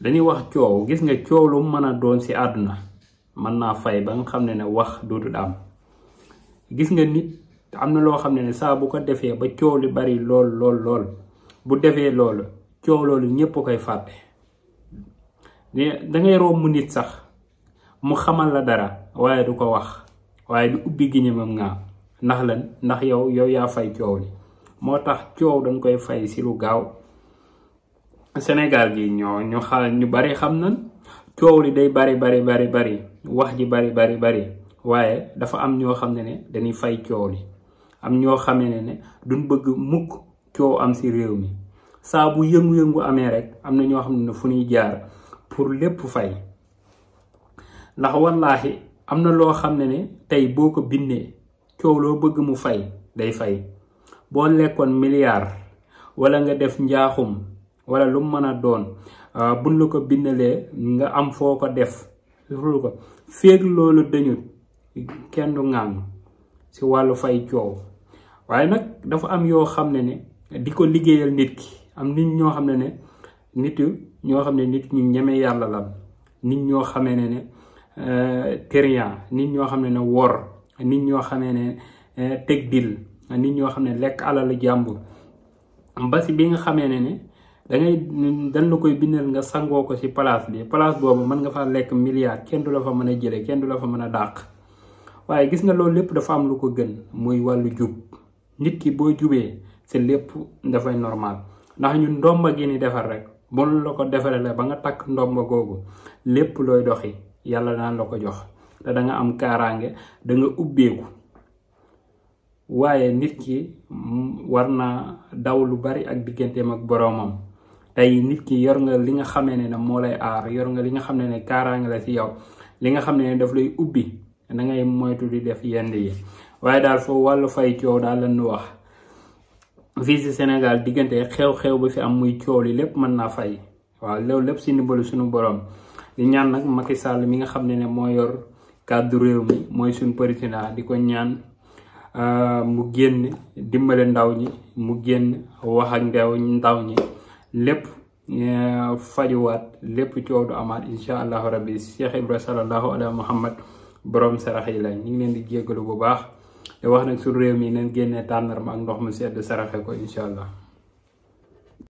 dañuy wax coow gis nga coow lu mën a doon si àdduna mën naa fay ba nga xam ne ne wax dootul am gis nga nit am na loo xam ne ne saa bu ko defee ba coow li bari lool lool lool bu defee loolu coow loolu ñépp koy fàtte dangay romb nit sax mu xamal la dara waaye du ko wax waaye du ubbi gémmiñam nga ndax lan ndax yow yow yaa fay coow li moo tax coow dañ koy fay si lu gaaw Sénégal gi ñoo ñu xa ñu bari xam nan coow li day bari bari bari bari wax ji bari waaye dafa am ñoo xam ne ne dañuy fay coow li am ñoo xam ne ne duñ bëgg mukk coow am ci réew mi saabu bu yëngu-yëngu amee rek am na ñoo xam ne fu ñuy jaar pour lépp fay ndax wallaahi am na loo xam ne ne tey boo ko bindee coow loo bëgg mu fay day fay boo lekkoon milliard walla nga def njaaxum wala lu mën a doon euh, buñ la ko bindalee nga am foo ko def lu ko féeg loolu dañut kenn du ŋàng si wàllu fay coow waaye nag dafa am yoo xam ne ne di ko liggéeyal nit ki am nit ñoo xam ne ne nit ñoo xam ne nit ñu ñeme yàlla la nit ñoo xamee ne ne euh, térian nit ñoo xam ne ne wor nit ñoo ne euh, teg dil nit ñoo xam ne lekk alalu jàmbur ba bi nga xamee ne ne da ngay koy bindal nga sangoo ko ci place bi place boobu mën nga fa lekk milliard kenn du la fa mën a jële kenn du la fa mën a dàq waaye gis nga loolu lépp dafa am lu ko gën muy wàllu jub nit ki boo jubee ci lépp dafay normal ndax ñun ndomba gi ni defar rekk bon la ko defaree la ba nga takk ndomba googu lépp looy doxi yàlla daan la ko jox te da am kaaraange da nga ubbeeku waaye nit ki war naa daw lu bari ak digganteem ak boroomam tey nit ki yor nga li nga xamee ne ne moo lay aar yor nga li nga xam ne ne kaaraange la si yow li nga xam ne ne daf lay ubbi da ngay moytu di def yenn yi waaye daal foo wàllu fay coow daal lan nu wax fii si Sénégal diggante xew-xew bu fi am muy coow li lépp mën naa fay waaw loolu lépp si ndimbalu suñu boroom di ñaan nag Macky Sall mi nga xam ne ne moo yor kàddu réew mi mooy suñu président di ko ñaan euh, mu génn dimbali ndaw ñi mu génn wax ak ndaw ndaw ñi lépp fajuwaat lépp coow du amaat incha allahu rabbi Cheikh Ibra sallallahu ala muhammad borom sarax yi la ñu ngi leen di jéggalu bu baax te wax nag sur réew mi neen génnee tàndarma ak ndox mu sedd saraxe ko incha allah